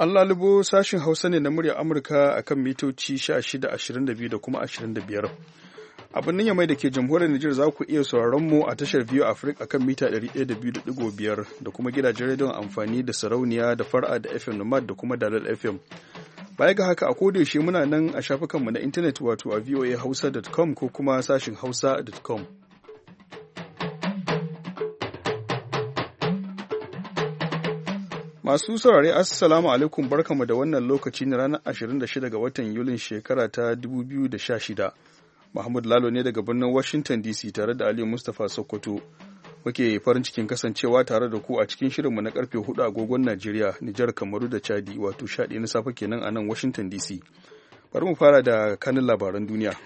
An lalubo sashin Hausa ne na muryar Amurka a kan mitoci 1622 da kuma 25. A birnin Yamai da ke jamhuriyar Nijar za ku iya sauraron mu a tashar biyu Afirka kan mita 102.5 da kuma gidajen rediyon amfani da sarauniya da fara da FM Nomad da kuma Dalal FM. Baya ga haka a kodayaushe muna nan a shafukanmu na intanet wato a voahausa.com ko kuma sashin hausa.com. Masu saurare Assalamu alaikum barkamu da wannan lokaci na ranar 26 ga watan Yulin shekara ta 2016. Mahmud Lalo ne daga birnin Washington DC tare da Aliyu Mustapha Sokoto. Muke farin cikin kasancewa tare da ku a cikin shirinmu na karfe 4 agogon Najeriya, Nijar, Kamaru da Chadi wato 11 na safe kenan a nan Washington DC. Bari mu fara da kanin labaran duniya.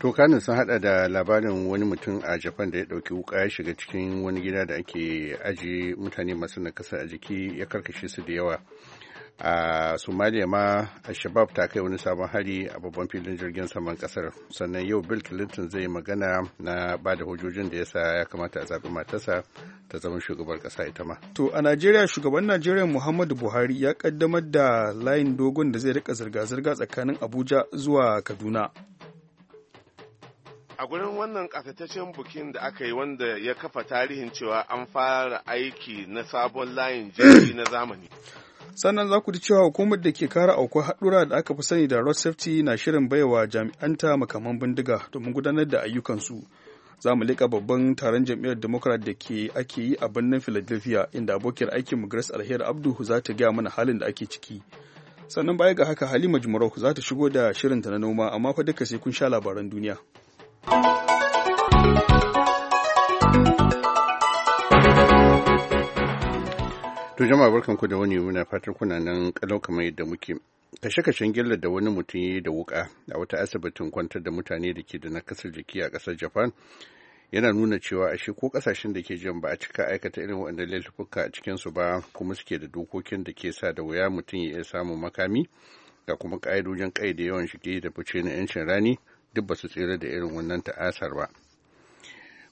tokanin sun hada da labarin wani mutum a japan da ya dauki wuka ya shiga cikin wani gida da ake aji mutane masu nakasa a jiki ya karkashe su da yawa a somalia ma a shabab ta kai wani sabon hari a babban filin jirgin saman kasar sannan yau bill clinton zai magana na ba da hujjojin da yasa ya kamata a zaɓi matarsa ta zama shugabar ƙasa ita ma to a najeriya shugaban najeriya muhammadu buhari ya kaddamar da layin dogon da zai rika zirga-zirga tsakanin abuja zuwa kaduna a gurin wannan kasataccen bukin da aka yi wanda ya kafa tarihin cewa an fara aiki na sabon layin jirgi na zamani sannan za ku ji cewa hukumar da ke kara aukuwar haɗura da aka fi sani da road safety na shirin baiwa jami'anta makaman bindiga domin gudanar da ayyukansu za mu leƙa babban taron jam'iyyar democrat da ke ake yi a birnin philadelphia inda abokiyar mu grace alheri abdu za ta gaya mana halin da ake ciki sannan baya ga haka halima jumarau za ta shigo da shirinta na noma amma fa duka sai kun sha labaran duniya To jama'a ku da wani muna fatan kuna nan kalau kamar yadda muke. Kashe-kashen gilla da wani mutum ya yi da wuka a wata asibitin kwantar da mutane da ke da nakasar jiki a kasar Japan yana nuna cewa ashe ko kasashen da ke jan ba a cika aikata irin waɗanda laifuka a cikinsu ba kuma suke da dokokin da ke sa da wuya mutum ya iya samun makami ga kuma ƙa'idojin ƙai da yawan shige da fice na 'yancin rani duk ba su tsira da irin wannan ta'asar ba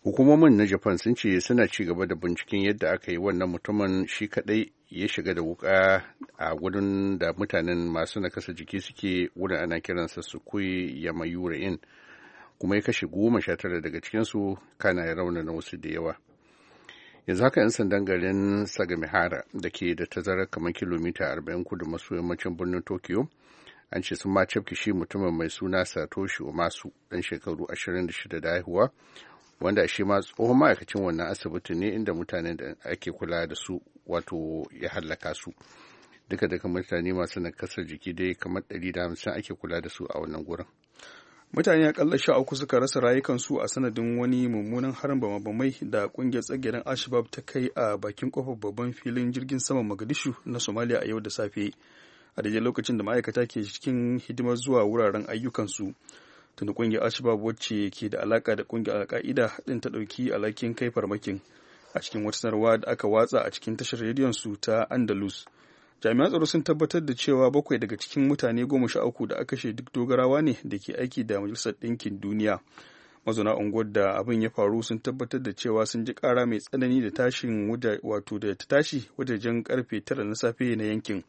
hukumomin na japan sun ce suna ci gaba da binciken yadda aka yi wannan mutumin shi kadai ya shiga da wuka a gudun da mutanen masu nakasa jiki suke wurin ana kiransa su ya mayura in kuma ya kashe goma sha tara daga cikinsu kana ya na wasu da yawa yanzu haka 'yan sandan garin sagamihara da ke da tazarar kamar kilomita 40 kudu maso yammacin birnin tokyo an ce sun ma cafke shi mutumin mai suna satoshi masu. dan shekaru 26 da haihuwa wanda shi ma tsohon ma'aikacin wannan asibiti ne inda mutanen da ake kula da su wato ya hallaka su duka daga mutane masu nakasar jiki dai kamar da hamsin ake kula da su a wannan gurin mutane a ƙalla sha uku suka rasa rayukansu a sanadin wani mummunan harin bamabamai da kungiyar tsagirin ashbab ta kai a bakin kofar babban filin jirgin saman magadishu na somalia a yau da safe a daidai lokacin da ma'aikata ke cikin hidimar zuwa wuraren ayyukansu tunda kungiyar alshabab wacce ke da alaka da kungiyar alka'ida din ta dauki alhakin kai farmakin a cikin wata sanarwa da aka watsa a cikin tashar rediyon su ta andalus jami'an tsaro sun tabbatar da cewa bakwai daga cikin mutane goma sha uku da aka kashe duk dogarawa ne da ke aiki da majalisar ɗinkin duniya mazauna unguwar da abin ya faru sun tabbatar da cewa sun ji kara mai tsanani da tashin wato da ta tashi wajajen karfe tara na safe na yankin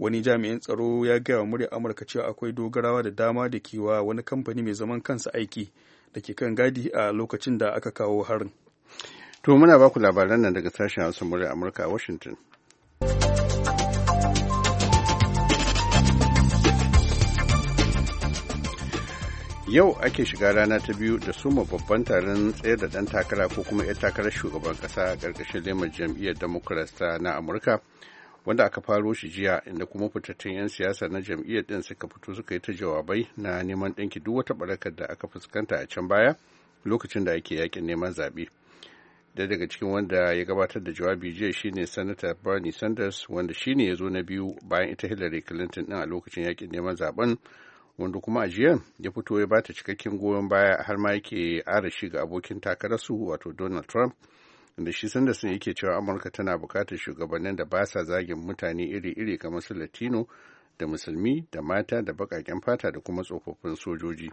wani jami'in tsaro ya gaya wa murya amurka cewa akwai dogarawa da dama da ke wa wani kamfani mai zaman kansa aiki da ke kan gadi a lokacin da aka kawo harin to muna baku labaran nan daga sashen hausa murya amurka a washington yau ake shiga rana ta biyu da suma babban taron tsayar da ɗan takara ko kuma 'yan takarar shugaban kasa a ƙarƙashin lemar jam'iyyar democrats na amurka wanda aka faro shi jiya inda kuma fitattun 'yan siyasa na jam'iyyar din suka fito suka yi ta jawabai na neman ɗinki duk wata barakar da aka fuskanta a can baya lokacin da ake yakin neman zaɓe da daga cikin wanda ya gabatar da jawabi jiya shine sanata bernie sanders wanda shine ya zo na biyu bayan ita hillary clinton din a lokacin yakin neman zaben wanda kuma a jiya ya fito ya bata cikakken goyon baya har ma yake ara shi ga abokin takararsu wato donald trump da shi sun yake cewa amurka tana bukatar shugabannin da ba sa zagin mutane iri-iri kamar su latino da musulmi da mata da baƙaƙen fata da kuma tsofaffin sojoji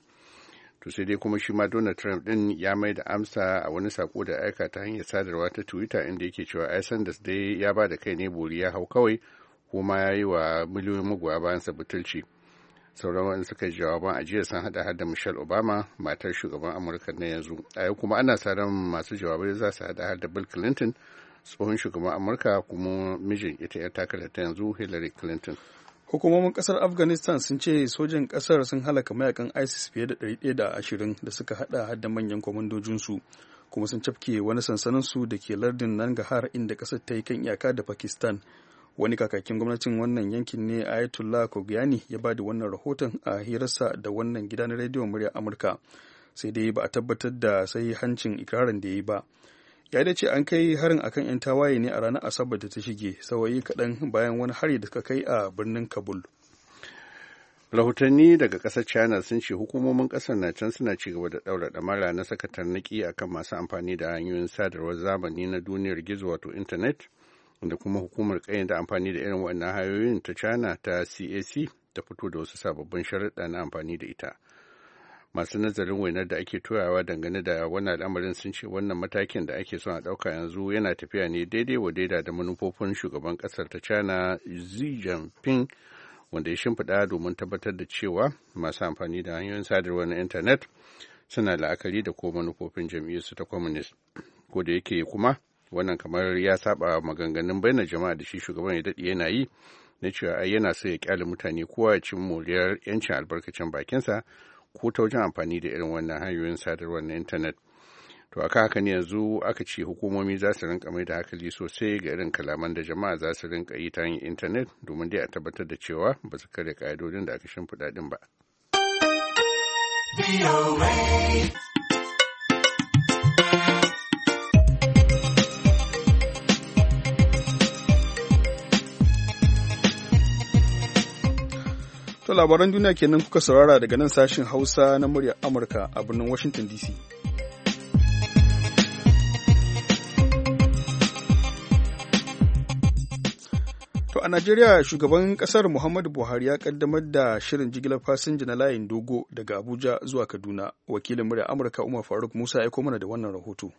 to sai dai kuma shi ma donald trump din ya mai da amsa a wani sako da aika ta hanyar sadarwa ta twitter inda yake cewa ai sanders dai ya ba da kai ne bori ya hau kawai kuma ya yi wa miliyoyin magoya bayansa butulci sauran wani suka jawaban a jiya sun hada da michelle obama matar shugaban amurka na yanzu a yau kuma ana sa ran masu jawabai za su hada da bill clinton tsohon shugaban amurka kuma mijin ita yar takarda ta yanzu hillary clinton hukumomin kasar afghanistan sun ce sojin kasar sun halaka mayakan isis fiye da 120 da suka hada da manyan kwamandojinsu kuma sun cafke wani sansaninsu da ke lardin Nangarhar inda kasar ta yi kan iyaka da pakistan wani kakakin gwamnatin wannan yankin ne ayatollah kogiyani ya ba da wannan rahoton a hirarsa da wannan gida na rediyon murya amurka sai dai ba a tabbatar da sai hancin ikirarin da ya yi ba ya dace an kai harin akan 'yan tawaye ne a ranar asabar da ta shige sawayi kaɗan bayan wani hari da suka kai a birnin kabul rahotanni daga ƙasar china sun ce hukumomin ƙasar na can suna ci gaba da ɗaura ɗamara na sakatar naki akan masu amfani da hanyoyin sadarwar zamani na duniyar gizo wato intanet da kuma hukumar kayan da amfani da irin wannan hanyoyin ta china ta cac ta fito da wasu sababbin sharaɗa na amfani da ita masu nazarin wainar da ake toyawa dangane da wannan al'amarin sun ce wannan matakin da ake son a ɗauka yanzu yana tafiya ne daidai wa daida da manufofin shugaban ƙasar ta china xi jinping wanda ya shimfiɗa domin tabbatar da cewa masu amfani da hanyoyin sadarwa na intanet suna la'akari da ko manufofin jam'iyyarsu ta communist ko da yake kuma wannan kamar ya saba maganganun bayyana jama'a da shi shugaban ya daɗe yana yi na cewa ai yana so ya kyale mutane kowa ya cin moriyar yancin albarkacin bakinsa ko ta wajen amfani da irin wannan hanyoyin sadarwar na intanet to aka haka ne yanzu aka ce hukumomi za su rinka mai da hankali sosai ga irin kalaman da jama'a za su rinka yi ta hanyar intanet domin dai a tabbatar da cewa ba su karya ka'idodin da aka shimfiɗa ɗin ba. To labaran duniya kenan kuka saurara daga nan sashin Hausa na muryar Amurka a birnin Washington DC. To a Najeriya shugaban kasar Muhammadu Buhari ya kaddamar da shirin jigilar fasinja na layin dogo daga Abuja zuwa Kaduna. Wakilin muryar Amurka Umar Faruk Musa ya mana da wannan rahoto.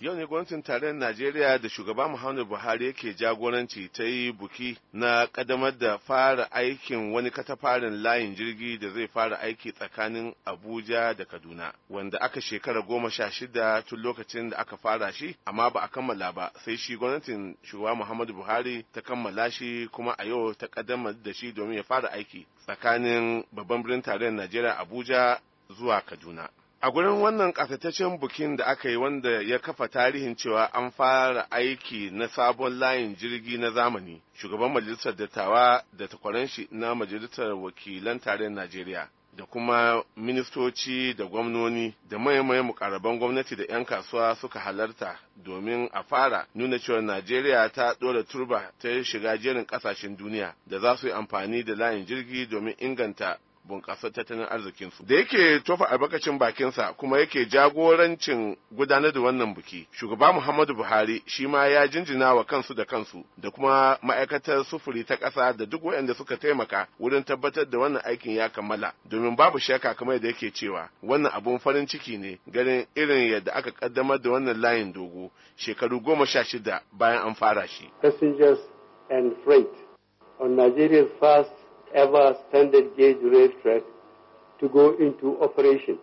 yau ne gwamnatin tarayyar najeriya da shugaba muhammadu buhari yake jagoranci ta yi buki na kadamar da fara aikin wani katafarin layin jirgi da zai fara aiki tsakanin abuja da kaduna wanda aka shekara goma sha shida tun lokacin da aka fara shi amma ba a kammala ba sai shi gwamnatin shugaba muhammadu buhari ta kammala shi kuma a yau ta kadamar da shi domin ya fara aiki tsakanin babban birnin tarayyar najeriya abuja zuwa kaduna a gurin wannan ƙasataccen bukin da aka yi wanda ya kafa tarihin cewa an fara aiki na sabon layin jirgi na zamani shugaban majalisar dattawa da takwaran shi na majalisar wakilan tarayyar najeriya da kuma ministoci da gwamnoni da maimai mukarraban gwamnati da 'yan kasuwa suka halarta domin a fara nuna cewa najeriya ta ɗora turba ta shiga jerin ƙasashen duniya da za su yi amfani da layin jirgi domin inganta bunƙasar tattalin arzikinsu da yake tofa albarkacin bakinsa kuma yake jagorancin gudanar da wannan biki shugaba muhammadu buhari shi ma ya jinjina wa kansu da kansu da kuma ma'aikatar sufuri ta ƙasa da duk waɗanda suka taimaka wurin tabbatar da wannan aikin ya kammala domin babu shaka kamar da yake cewa wannan abun farin ciki ne ganin irin yadda aka kaddamar da wannan layin dogo shekaru goma sha shida bayan an fara shi. Passengers and freight on Nigeria's first ever standard gauge rail track to go into operation.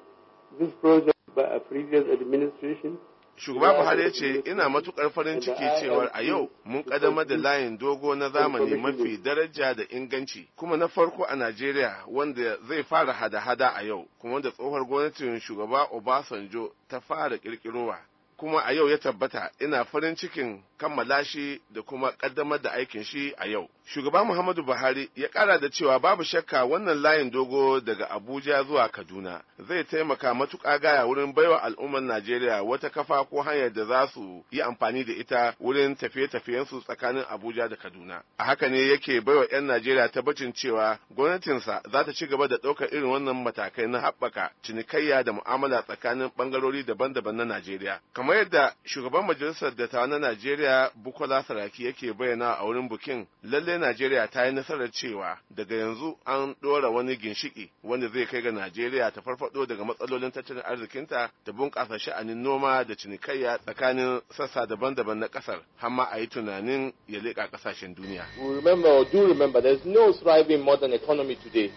This project by a previous administration shugaba buhari ya ce ina matukar farin ciki cewar a yau mun kadamar da layin dogo na zamani mafi daraja da inganci kuma na farko a najeriya wanda zai fara hada-hada a yau kuma da tsohuwar gwamnatin shugaba obasanjo ta fara kirkirowa kuma a yau ya tabbata ina farin cikin kammala shi da kuma kaddamar da aikin shi a yau. Shugaba Muhammadu Buhari ya kara da cewa babu shakka wannan layin dogo daga Abuja zuwa Kaduna zai taimaka matuƙa gaya wurin baiwa al'ummar Najeriya wata kafa ko hanyar da za su yi amfani da ita wurin tafiye-tafiyensu tsakanin Abuja da Kaduna. A haka ne yake baiwa 'yan Najeriya tabbacin cewa gwamnatinsa za ta ci gaba da ɗaukar irin wannan matakai na haɓaka cinikayya da mu'amala tsakanin ɓangarori daban-daban na Najeriya. kamar yadda shugaban majalisar da ta na najeriya bukola saraki yake bayyana a wurin bukin lalle najeriya ta yi nasarar cewa daga yanzu an dora wani ginshiki wanda zai kai ga najeriya ta farfado daga matsalolin tattalin arzikinta da bunƙasa sha'anin noma da cinikayya tsakanin sassa daban-daban na ƙasar har ma a yi tunanin ya leƙa ƙasashen duniya. remember or do no modern economy today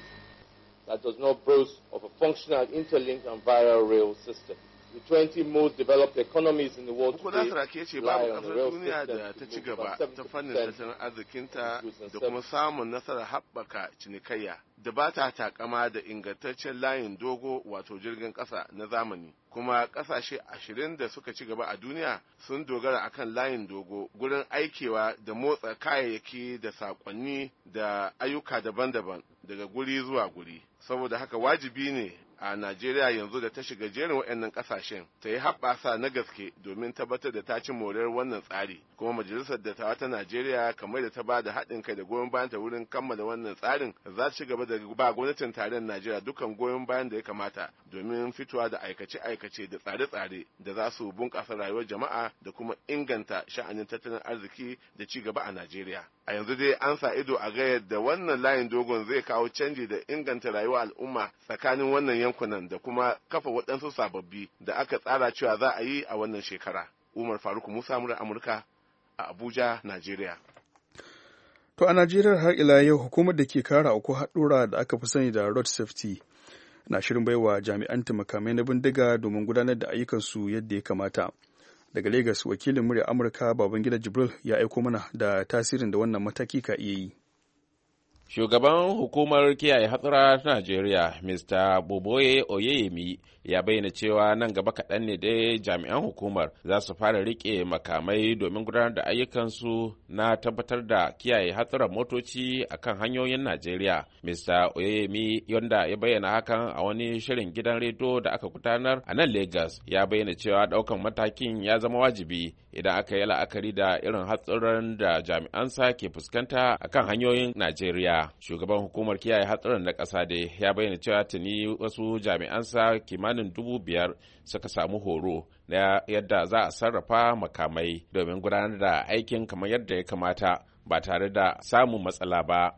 that does not boast of a functional interlinked and viral rail system. The 20 most developed economies in the world today lie on the rail duniya da ta ci gaba ta fannin tattalin arzikinta da kuma samun nasarar haɓaka cinikayya da ba ta takama da ingantaccen layin dogo wato jirgin ƙasa na zamani kuma ƙasashe ashirin da suka ci gaba a duniya sun dogara a kan layin dogo gurin aikewa da motsa kayayyaki da saƙonni da ayyuka daban-daban daga guri zuwa guri saboda haka wajibi ne a Najeriya yanzu da ta shiga jerin waɗannan ƙasashen ta yi haɓasa na gaske domin tabbatar da ta ci morar wannan tsari kuma majalisar dattawa ta Najeriya kamar da ta ba da haɗin kai da goyon bayan ta wurin kammala wannan tsarin za ta ci gaba da ba gwamnatin tarayyar Najeriya dukkan goyon bayan da ya kamata domin fitowa da aikace-aikace da tsare-tsare da za su bunƙasa rayuwar jama'a da kuma inganta sha'anin tattalin arziki da ci gaba a Najeriya. a yanzu dai an sa ido a ga yadda wannan layin dogon zai kawo canji da inganta rayuwa al'umma tsakanin wannan yankunan da kuma kafa waɗansu sababbi da aka tsara cewa za a yi a wannan shekara umar faruk musa mura amurka a abuja nigeria. to a najeriya har ila yau hukumar da ke kara uku haɗura da aka fi sani da road safety na shirin baiwa jami'an makamai na bindiga domin gudanar da ayyukansu yadda ya kamata daga Legas wakilin murya Amurka Babangida Jibril ya aiko mana da tasirin da wannan mataki ka iya yi. Shugaban hukumar kiyaye hatsura ta Najeriya, Mr. Boboye Oyeyemi, ya bayyana cewa nan gaba kaɗan ne dai jami'an hukumar za su fara riƙe makamai domin gudanar da ayyukansu na tabbatar da kiyaye hatsuran motoci a kan hanyoyin Najeriya. Mr. Oyeyemi, yadda ya bayyana hakan a wani shirin gidan rediyo da aka gudanar a nan Legas, ya bayyana cewa ɗaukan matakin ya zama wajibi idan aka yi la'akari da irin hatsarin da jami'an sa ke fuskanta a kan hanyoyin Najeriya. Shugaban hukumar kiyaye hatsarin na ƙasa dai ya bayyana cewa tuni wasu jami'an sa kimanin dubu biyar suka samu horo na yadda za a sarrafa makamai domin gudanar da aikin kamar yadda ya kamata ba tare da samun matsala ba.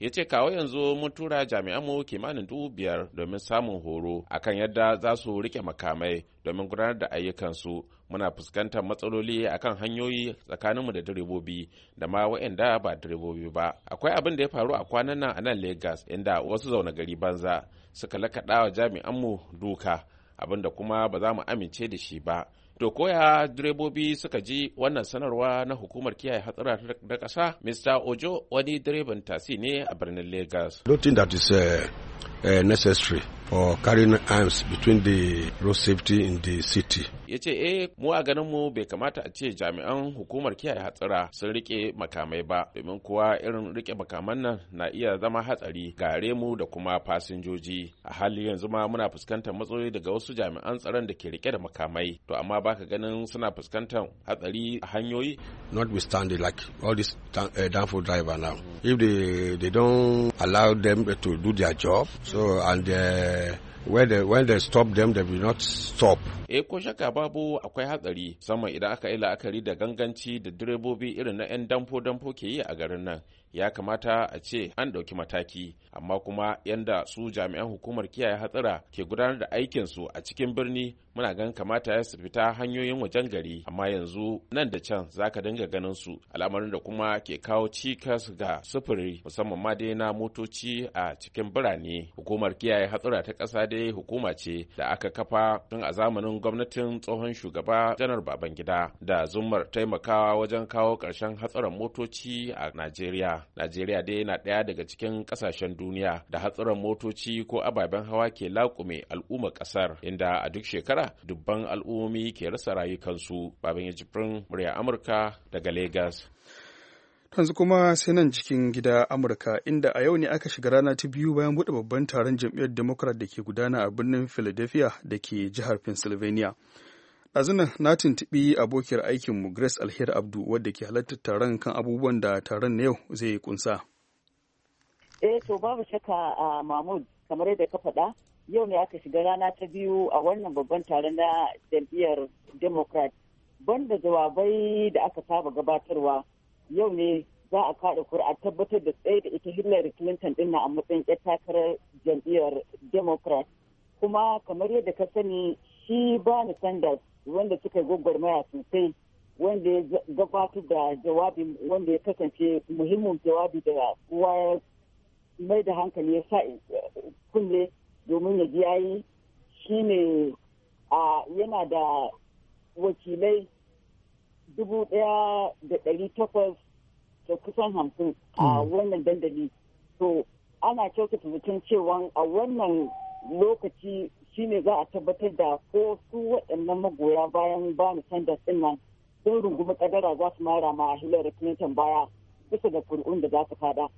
ya ce kawo yanzu mun tura jami'anmu kimanin dubu biyar domin samun horo akan yadda za su rike makamai domin gudanar da ayyukansu muna fuskantar matsaloli akan hanyoyi tsakaninmu da direbobi da ma waɗanda ba direbobi ba akwai abin da ya faru a kwanan nan a nan lagos inda wasu zauna gari banza suka lakaɗa wa jami'anmu duka abin da kuma ba za mu amince da shi ba To koya direbobi suka ji wannan sanarwa na hukumar kiyaye hatsara da ƙasa? Mr. Ojo wani direban tasi ne a birnin Lagos. I don't think that is uh, uh, necessary. or carrying arms between the road safety in the city. ya ce eh mu a ganin mu bai kamata a ce jami'an hukumar kiyaye hatsara sun rike makamai ba domin kuwa irin rike makaman nan na iya zama hatsari gare mu da kuma fasinjoji a hali yanzu ma muna fuskantar matsaloli daga wasu jami'an tsaron da ke rike da makamai to amma baka ganin suna fuskantar hatsari a hanyoyi notwithstanding like all this uh, eh, downfall driver now if they they don't allow them to do their job so and uh, Eh, when they stop them they will not stop eh ko shakka babu akwai hatsari musamman idan aka yi la'akari da ganganci da direbobi irin na 'yan damfo damfo ke yi a garin nan ya kamata a ce an ɗauki mataki amma kuma yadda su jami'an hukumar kiyaye hatsara ke gudanar da aikinsu a cikin birni muna gan kamata ya su fita hanyoyin wajen gari amma yanzu nan da can zaka dinga ganin su al'amarin da kuma ke kawo cikas ga sufuri musamman ma dai na motoci a cikin birane hukumar kiyaye hatsara ta ƙasa dai hukuma ce da aka kafa tun a zamanin gwamnatin tsohon shugaba janar babangida da zumar taimakawa wajen kawo ƙarshen hatsuran motoci a najeriya najeriya dai yana ɗaya daga cikin ƙasashen duniya da hatsuran motoci ko ababen hawa ke laƙume al'ummar ƙasar inda a duk shekara dubban al'ummomi ke rasa rayukansu baban ya jibrin murya amurka daga lagos yanzu kuma sai nan cikin gida amurka inda a yau ne aka shiga rana ta biyu bayan buɗe babban taron jam'iyyar democrat da ke gudana a birnin philadelphia da ke jihar pennsylvania zina na tuntuɓi abokiyar aikinmu grace alheri abdu wadda ke halartar taron kan abubuwan da taron na yau zai yi kunsa eh to babu shakka a mahmud kamar yadda ka faɗa yau ne aka shiga rana ta biyu a wannan babban taron na jam'iyyar democrat banda jawabai da aka saba gabatarwa yau ne za a kaɗa kuri'a tabbatar da tsaye da ita hillary clinton ɗin a matsayin yar takarar jam'iyyar democrat kuma kamar yadda ka sani shi bani sanders wanda suka yi gwagwarmaya sosai wanda ya gabatar da jawabi wanda ya kasance muhimmin jawabi da kowa ya mai da hankali ya sa eh, kulle domin ya ji yayi shine a yana da wakilai dubu daya da dari takwas da kusan hamsin a hmm. wannan dandali to ana kyautata zaton cewa a wannan lokaci shi ne za a tabbatar da ko su waɗannan magoya bayan bani sanders ɗin nan sun rungumi kadara za su mara ma hillary clinton baya bisa da kuri'un da za su fada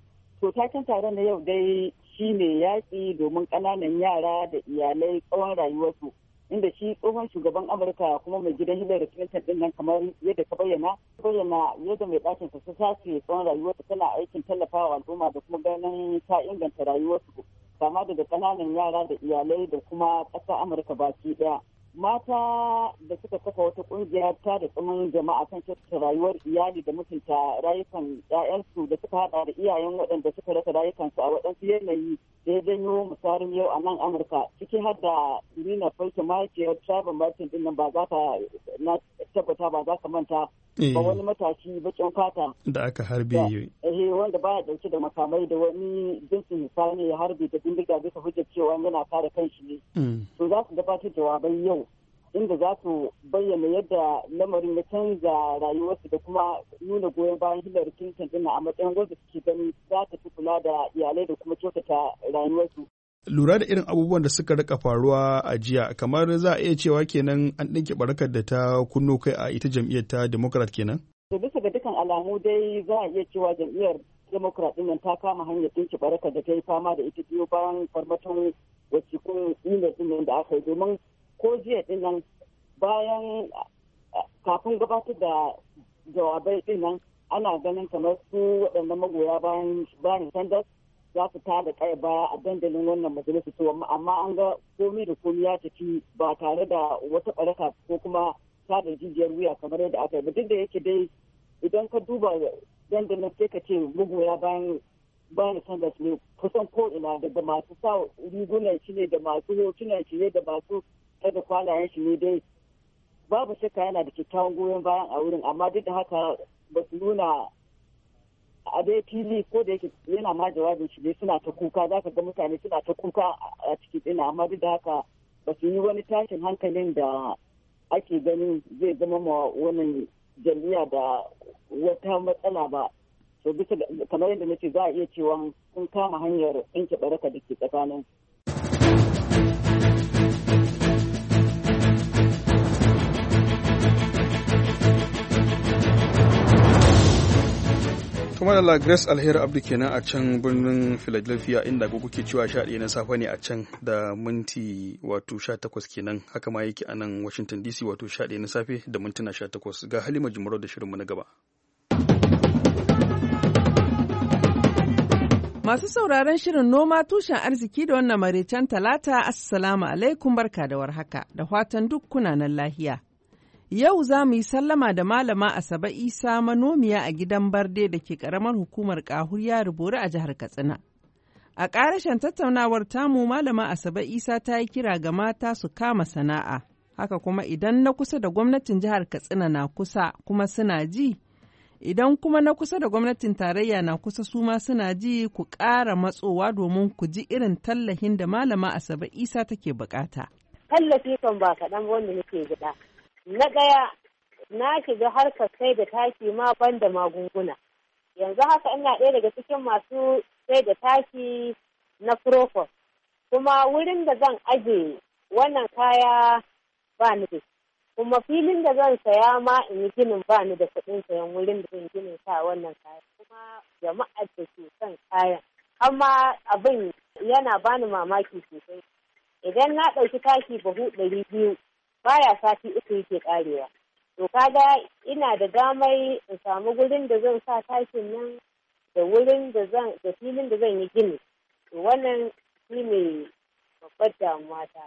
to taken taron na yau dai shi ne yaƙi domin ƙananan yara da iyalai tsawon rayuwarsu inda shi tsohon shugaban amurka kuma mai gidan hillary clinton ɗin nan kamar yadda ka bayyana bayyana yadda mai ɗakin sa su sace tsawon rayuwarsa tana aikin tallafawa al'umma da kuma ganin ta inganta rayuwarsu kama daga ƙananan yara da iyalai da kuma ƙasa amurka baki ɗaya mata da suka kafa wata ƙungiya ta da tsamin jama'a kan kyautata rayuwar iyali da mutunta rayukan 'ya'yansu da suka haɗa da iyayen waɗanda suka rasa rayukansu a waɗansu yanayi da ya janyo misalin yau a nan amurka ciki har da nina fulton mahaifiyar tribal martin din nan ba za ta na tabbata ba za ka manta ba eh. wani matashi bakin fata da aka harbe eh wanda baya dauke da makamai da wani jinsin misali ya harbe da bindiga bisa hujjar cewa yana kare kanshi ne hmm. to za su gabatar jawabai yau inda za su bayyana yadda lamarin ya canza rayuwarsu da kuma nuna goyon bayan Hillary Clinton dina a matsayin wanda suke gani za ta fi kula da iyalai da kuma kyautata rayuwarsu. Lura da irin abubuwan da suka rika faruwa a jiya kamar za a iya cewa kenan an ɗinke barakar da ta kunno kai a ita jam'iyyar ta Democrat kenan? da bisa ga dukkan alamu dai za a iya cewa jam'iyyar Democrat ɗin ta kama hanyar ɗinke barakar da ta yi fama da ita biyu bayan farmaton wasu kun yi da aka yi domin ko jiya nan bayan kafin gabatar da jawabai dinnan ana ganin kamar su waɗannan magoya bayan bayan sanders za su ta da kai baya a dandalin wannan majalisa to amma an ga komai da komai ya tafi ba tare da wata ɓaraka ko kuma ta da jijiyar wuya kamar yadda aka yi duk da yake dai idan ka duba dandalin sai ka ce magoya bayan bayan sanders ne kusan ko ina da masu sa rigunan shi ne da masu hotunan shi ne da masu da kwanayen shi ne dai babu shakka yana da kyakkyawan goyon bayan a wurin amma duk da haka ba su nuna a dai fili ko da yake yana ma jawabin shi ne suna ta kuka za ka ga mutane suna ta kuka a cikin dina amma duk da haka ba su yi wani tashin hankalin da ake ganin zai zama ma wani jami'a da wata matsala ba so bisa kamar yadda nace za a iya cewa sun kama hanyar ɗinke baraka da ke tsakanin kuma da grace alheri abdu kenan a can birnin philadelphia inda agogo ke cewa sha na safe ne a can da minti wato sha takwas kenan haka ma yake a nan washington dc wato sha na safe da mintuna sha takwas ga halima jimarau da shirinmu na gaba Masu sauraron shirin noma tushen arziki da wannan maraicen talata, Assalamu alaikum barka da warhaka, da fatan duk kunanan lahiya. Yau za mu yi sallama da Malama Asaba Isa manomiya a gidan Barde da ke ƙaramar hukumar Kahuriya Rubori a jihar Katsina. A ƙarashen tattaunawar tamu Malama Asaba Isa ta yi kira ga mata su kama sana'a. Haka kuma idan na kusa da gwamnatin jihar Katsina na kusa kuma suna ji, idan kuma na kusa da gwamnatin tarayya na kusa su ma suna ji ku ƙara matsowa domin ku ji irin tallafin da Malama Asaba Isa take buƙata. Tallafi kan ba kaɗan wanda nake gida. na gaya na shiga harkar sai da taki ma ban da magunguna yanzu haka ina ɗaya daga cikin masu sai da taki na profos kuma wurin da zan aje wannan kaya ba ni da kuma filin da zan saya ma in yi ginin ba ni da kuɗin sayan wurin da zan ginin sa wannan kaya kuma jama'ar da ke son kayan amma abin yana bani mamaki sosai idan na ɗauki taki buhu ɗari biyu baya sati uku yake karewa to kaga ina da damar in samu gurin da zan sa takin nan da wurin da zan da filin da zan yi gini to wannan shi ne babbar damuwa ta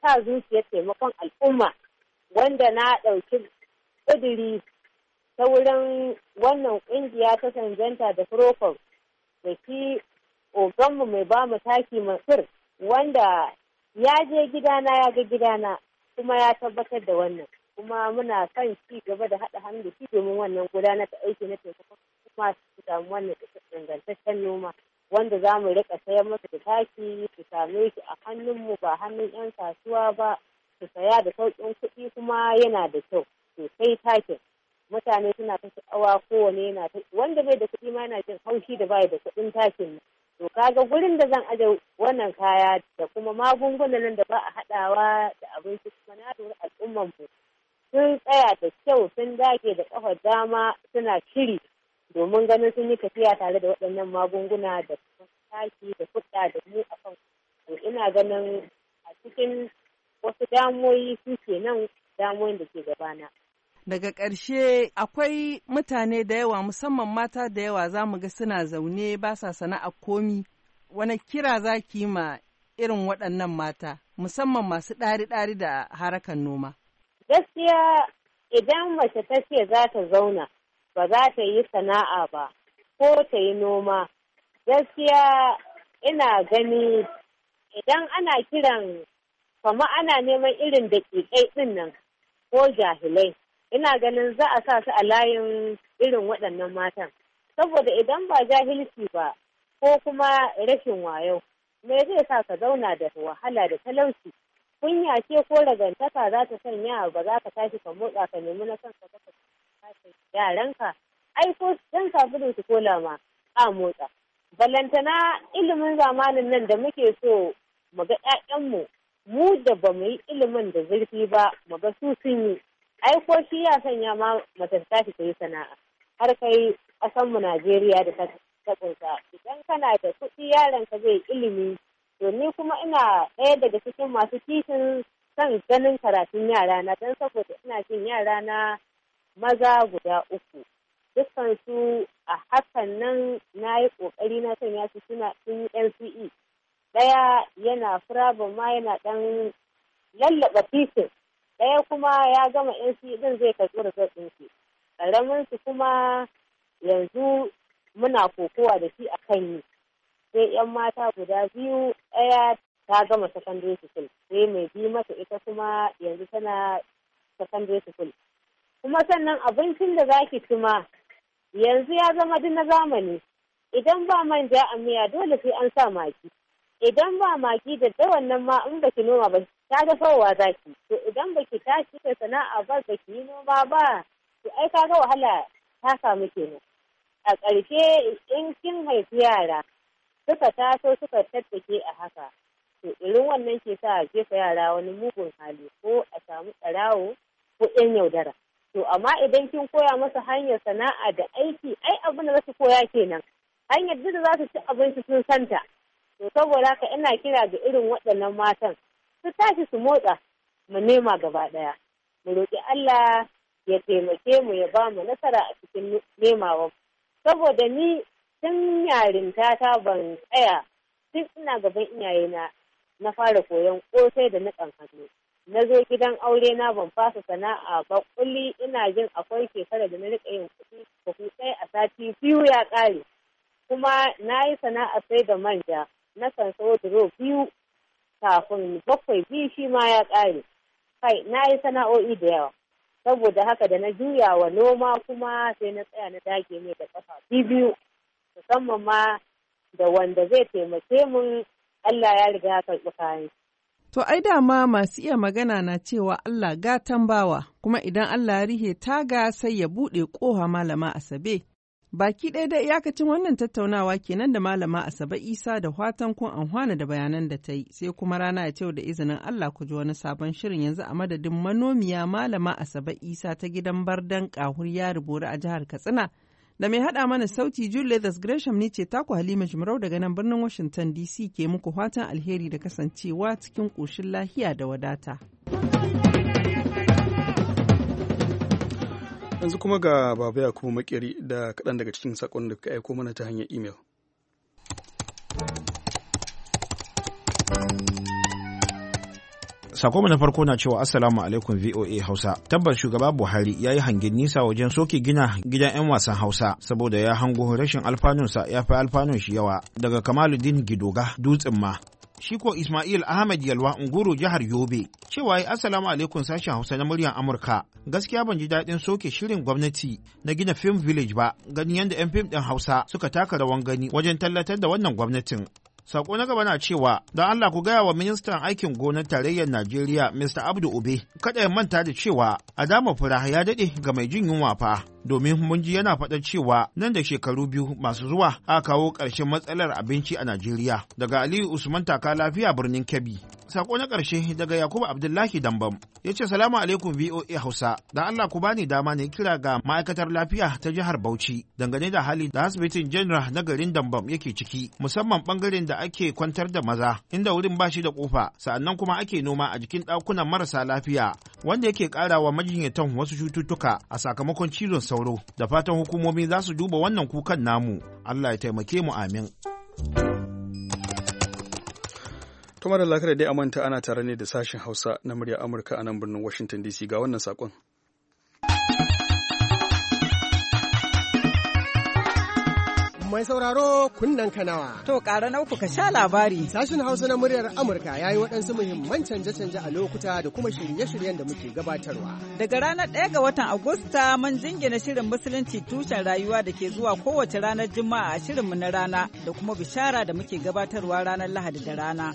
sa zuciyar taimakon al'umma wanda na ɗauki ƙudiri ta wurin wannan ƙungiya ta sanjanta da furofon da shi oganmu mai ba mu taki masir wanda ya je gidana ya ga gidana kuma ya tabbatar da wannan kuma muna kan ci gaba da haɗa hannu da shi domin wannan gudanar da aiki na taimakon kuma su samu wannan dangantaccen noma wanda za mu rika sayar masa da taki su same shi a hannunmu ba hannun 'yan kasuwa ba su saya da sauƙin kuɗi kuma yana da kyau sosai takin mutane suna ta sha'awa kowane yana ta wanda bai da kuɗi ma yana jin haushi da bai da kuɗin takin to kaga gurin da zan aje wannan kaya da kuma magungunan da ba a haɗawa da abinci kuma na lura al'umman mu sun tsaya da kyau sun dage da ƙafar dama suna shiri domin ganin sun yi tafiya tare da waɗannan magunguna da kuma taki da kuɗa da mu a kan to ina ganin a cikin wasu damoyi su ke nan damoyin da ke gabana. daga ƙarshe akwai mutane da yawa musamman mata da yawa za mu ga suna zaune ba sa sana'a komi wani kira za ki ma irin waɗannan mata musamman masu ɗari-ɗari da harakan noma gaskiya idan mace ta ce za ta zauna ba za ta yi sana'a ba ko ta yi noma gaskiya ina gani idan ana kiran kama ana neman irin da ɗin nan ko jahilai ina ganin za a sa su a layin irin waɗannan matan saboda idan ba jahilci ba ko kuma rashin wayo me zai sa ka zauna da wahala da talauci kunya ce ko ragantaka za ta sanya ba za ka tashi ka motsa ka nemi na kanka ka tashi yaranka ai ko dan sabulun su kola ma a motsa balantana ilimin zamanin nan da muke so mu ga 'ya'yanmu mu da ba mu yi ilimin da zurfi ba mu ga su sun yi ai ko shi ya sanya ma mace ta ta yi sana'a har kai mu Najeriya da ta kunsa idan kana da kuɗi yaron ka zai ilimi to ni kuma ina ɗaya daga cikin masu kishin son ganin karatun yara na don saboda ina jin yara na maza guda uku dukkan su a hakan nan na yi ƙoƙari na sanya su suna sun yi NCE ɗaya yana furabin ma yana ɗan lallaɓa titin ɗaya kuma ya gama NC ɗin zai karɓi result ɗin shi ƙaramin su kuma yanzu muna kokowa da shi a kan yi sai yan mata guda biyu ɗaya ta gama secondary school sai mai bi mata ita kuma yanzu tana secondary school kuma sannan abincin da zaki ci ma yanzu ya zama duk na zamani idan ba manja a miya dole sai an sa maki idan ba maki da wannan ma in baki noma ba ta ga za zaki to idan baki tashi da sana'a ba baki yi noma ba to ai ka ga wahala ta samu kenan a ƙarshe in kin haifi yara suka taso suka tattake a haka to irin wannan ke sa a jefa yara wani mugun hali ko a samu tsarawo ko yan yaudara to amma idan kin koya masa hanyar sana'a da aiki ai abin da za su koya kenan hanyar da za su ci abinci sun santa to saboda haka ina kira ga irin waɗannan matan su tashi su motsa mu nema gaba ɗaya mu roƙi Allah ya taimake mu ya ba mu nasara a cikin nemawa saboda ni tun yarinta ta ban tsaya tun ina gaban iyayena na fara koyon kosai da niƙan hannu na zo gidan aure na ban fasa sana'a ba kulli ina jin akwai shekara da na rika yin kuɗi kuɗi sai a sati biyu ya ƙare kuma na yi sana'a sai da manja na san sayo biyu kafin bakwai biyu shi ma ya ƙare kai na yi sana'o'i da yawa saboda haka da na juya wa noma kuma sai na tsaya na dage mai da kafa biyu musamman ma da wanda zai taimake mun Allah ya riga ya karɓi kayan To ai dama masu iya magana na cewa Allah gatan bawa kuma idan Allah ya rihe taga sai ya buɗe ƙoha malama Asabe. Baki ɗaya da iyakacin wannan tattaunawa kenan da Malama Asabe Isa da fatan kun anhwana da bayanan da ta yi sai kuma rana a yau da izinin Allah ku ji wani sabon shirin yanzu a madadin manomiya Malama Asabe Isa ta gidan Bardan Kahur ya rubura a jihar Katsina. Da mai haɗa mana sauti Julius Gresham ne ce taku Halima Jimarau daga nan birnin Washington DC ke muku fatan alheri da kasancewa cikin ƙoshin lahiya da wadata. yanzu kuma ga baba yakubu makeri da kaɗan daga cikin saƙon da ka aiko mana ta hanyar imel Sako na farko na cewa Assalamu alaikum VOA Hausa. Tabbas shugaba Buhari ya yi hangin nisa wajen soke gina gidan 'yan wasan Hausa saboda ya hango rashin alfanunsa ya fi alfanun shi yawa daga kamaludin Gidoga dutsen ma shi ko Ismail Ahmed Yalwa Nguru jihar Yobe cewa ya assalamu alaikum sashen Hausa na muryar Amurka gaskiya ban ji daɗin soke shirin gwamnati na gina film village ba ganin yadda 'yan fim ɗin Hausa suka taka rawan gani wajen tallatar da wannan gwamnatin Sako na gaba na cewa don Allah ku gaya wa ministan aikin gonar tarayyar Najeriya Mr. Abdu Ube kada ya manta da cewa Adama Fura ya daɗe ga mai jin yunwa fa. domin mun ji yana faɗa cewa nan da shekaru biyu masu zuwa a kawo ƙarshen matsalar abinci a Najeriya. Daga Aliyu Usman Taka Lafiya birnin Kebbi. Sako na ƙarshe daga Yakubu Abdullahi Dambam ya ce salamu alaikum VOA Hausa da Allah ku bani dama ne kira ga ma'aikatar lafiya ta jihar Bauchi dangane da hali da asibitin General na garin Dambam yake ciki musamman bangaren da ake kwantar da maza inda wurin bashi da ƙofa sa'annan kuma ake noma a jikin ɗakunan marasa lafiya wanda yake ƙara wa majinyatan wasu cututtuka a sakamakon cizon sauro da fatan hukumomi za su duba wannan kukan namu Allah ya taimake mu amin. Tumar da lakar dai amanta ana tare ne da sashen Hausa na murya Amurka a nan birnin Washington DC ga wannan saƙon. mai sauraro kunnen kanawa. To ƙara na uku ka sha labari. Sashen Hausa na muryar Amurka ya yi waɗansu muhimman canje-canje a lokuta da kuma shirye-shiryen da muke gabatarwa. Daga ranar ɗaya ga watan Agusta mun jingina shirin Musulunci tushen rayuwa da ke zuwa kowace ranar Juma'a a shirinmu na rana da kuma bishara da muke gabatarwa ranar Lahadi da rana.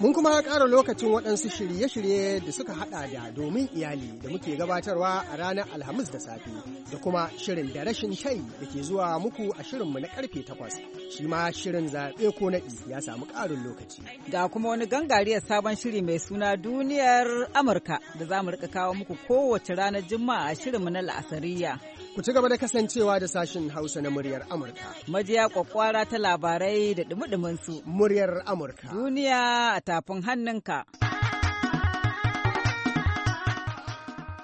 Mun kuma ƙara lokacin waɗansu shirye-shirye da suka haɗa da domin iyali da muke gabatarwa a ranar Alhamis da safe da kuma shirin da rashin tai da ke zuwa muku a shirinmu na karfe takwas. Shi ma shirin zaɓe ko naɗi ya samu ƙarin lokaci. Ga kuma wani gangariyar sabon shiri mai suna duniyar Amurka da za mu rika kawo muku kowace ranar Juma'a a shirinmu na la'asariya. Ku ci gaba da kasancewa da sashin Hausa na muryar Amurka. Majiya kwakwara ta labarai da dumi su. Muryar Amurka. Duniya a tafin hannunka.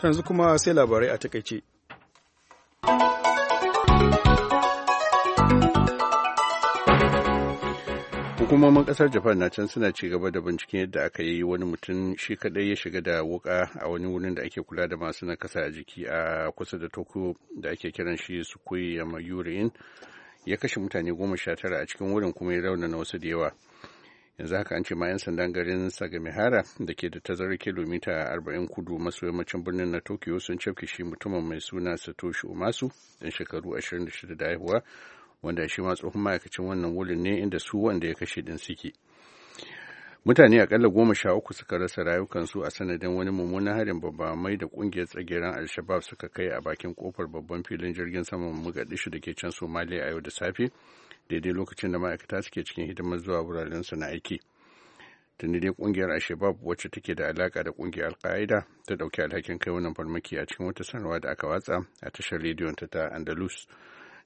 Tanzu kuma sai labarai a takaice. hukumomin kasar japan na can suna ci gaba da binciken yadda aka yi wani mutum shi kadai ya shiga da wuka a wani wurin da ake kula da masu na kasa a jiki a kusa da tokyo da ake kiran shi sukui yamayurin ya kashe mutane goma sha tara a cikin wurin kuma ya raunana wasu da yawa yanzu haka an ce ma 'yan sandan garin sagamihara da ke da tazarar kilomita arba'in kudu maso yammacin birnin na tokyo sun cafke shi mutumin mai suna satoshi umasu dan shekaru 26 da haihuwa wanda shi ma tsohon ma'aikacin wannan wulin ne inda su wanda ya kashe din suke mutane akalla goma sha uku suka rasa rayukansu a sanadin wani mummunan harin babba mai da kungiyar tsageren alshabab suka kai a bakin kofar babban filin jirgin saman mogadishu da ke can somaliya a yau da safe daidai lokacin da ma'aikata suke cikin hidimar zuwa wuraren su na aiki tuni dai kungiyar alshabab wacce take da alaka da kungiyar alka'ida ta dauki alhakin kai wannan farmaki a cikin wata sanarwa da aka watsa a tashar rediyon ta ta andalus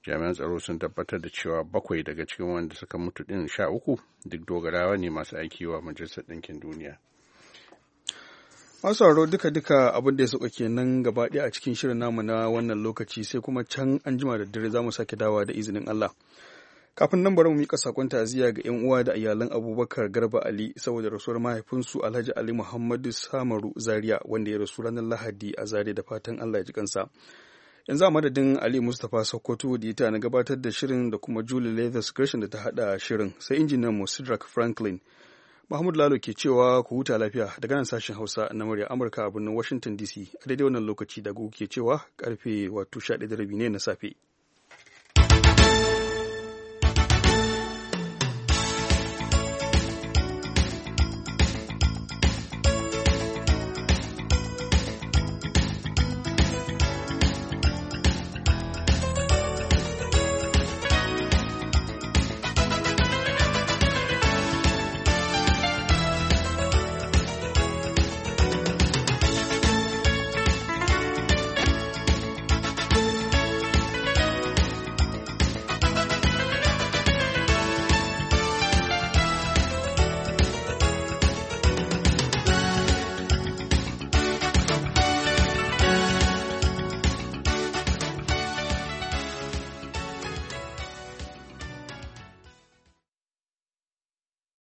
jami'an tsaro sun tabbatar da cewa bakwai daga cikin wanda suka mutu din sha uku duk dogarawa ne masu aiki wa majalisar ɗinkin duniya masu sauraro duka duka abin da ya sauka kenan gaba ɗaya a cikin shirin namu na wannan lokaci sai kuma can an jima da dare za mu sake dawa da izinin Allah kafin nan bari mu mika sakon ta'aziyya ga yan uwa da iyalan Abubakar Garba Ali saboda rasuwar mahaifinsu Alhaji Ali Muhammadu Samaru Zaria wanda ya rasu ranar Lahadi a zare da fatan Allah ya ji kansa yanzu a madadin ali mustapha sokoto da ita na gabatar da shirin da kuma julie levis gershon da ta hada shirin sai injinan mu franklin mahmud lalo ke cewa ku huta lafiya daga nan sashen hausa na murya amurka a birnin washington dc a daidai wannan lokaci da ke cewa karfe wato 11 ne na safe